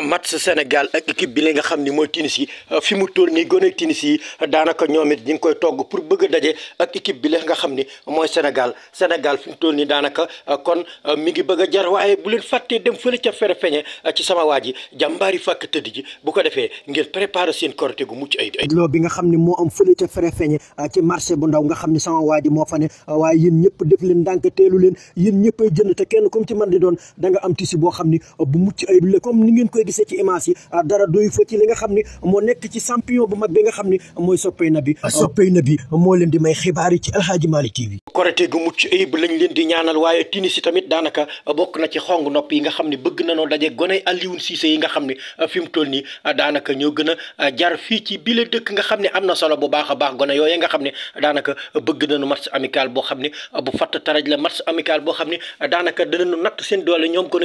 match Sénégal ak équipe bi li nga xam ni mooy Tunisie euh, fi mu toll nii gone Tunisie yi daanaka ñoom it koy togg pour bëgg daje ak équipe bi nga xam ni mooy Sénégal Sénégal fi mu toll nii daanaka euh, kon euh, mi ngi bëgg a jar waaye bu leen fàttee dem fële a fere feñe ci sama waa ji jàmbaari fàkk tëdd ji bu ko defee ngeen préparer seen korité gu mucc ay loo bi nga xam ni moo am fële ca fere feñe ci marché bu ndaw nga xam ne sama waa ji moo fa ne waaye yéen ñëpp def leen ndànk leen yéen ñëpp ay kenn comme ci man di doon da nga gisee ci image yi ah, dara doy fa li nga xam ni moo nekk ci champion bu mag bi nga xam ni mooy soppey na bi ah, soppey na bi moo leen di yi ci ñaanal waaye Tunisie tamit daanaka bokk na ci xong nopp yi nga xam ne bëgg na noo daje gone Alioune Cissé yi nga xam ne ah, fi mu toll nii daanaka ñoo gën a jar fii ci bile dëkk nga xam ne am na solo bu baax a baax gone yooyu nga xam ne daanaka bëgg nañu match amical boo xam ne bu fatt taraj la match amical boo xam ne daanaka danañu natt seen doole ñoom gone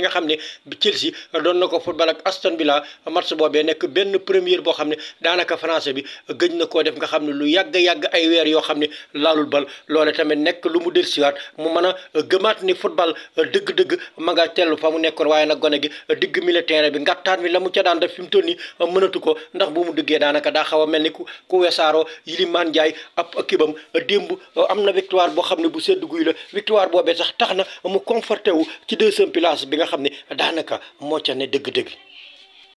bi nga xam ne Chelsea doon na ko football ak Aston Villa match boobee nekk benn première boo xam ne daanaka français bi gëj na koo def nga xam ne lu yàgg yàgg ay weer yoo xam ne laalul bal loole tamit nekk lu mu del si dellusiwaat mu mën a gëmaat ni football dëgg-dëgg ma tellu fa mu nekkoon waaye nag gone gi digg milieu terrain bi ngàttaan bi la mu ca daan def fi mu toll nii mënatu ko ndax bu mu daanaka daa xaw a mel ni ku ku wesaaroo Iliman Ndiaye ab kibam démb am na victoire boo xam ne bu sedd guy la victoire boobee sax tax na mu xam ne daanaka moo ca ne dëgg-dëgg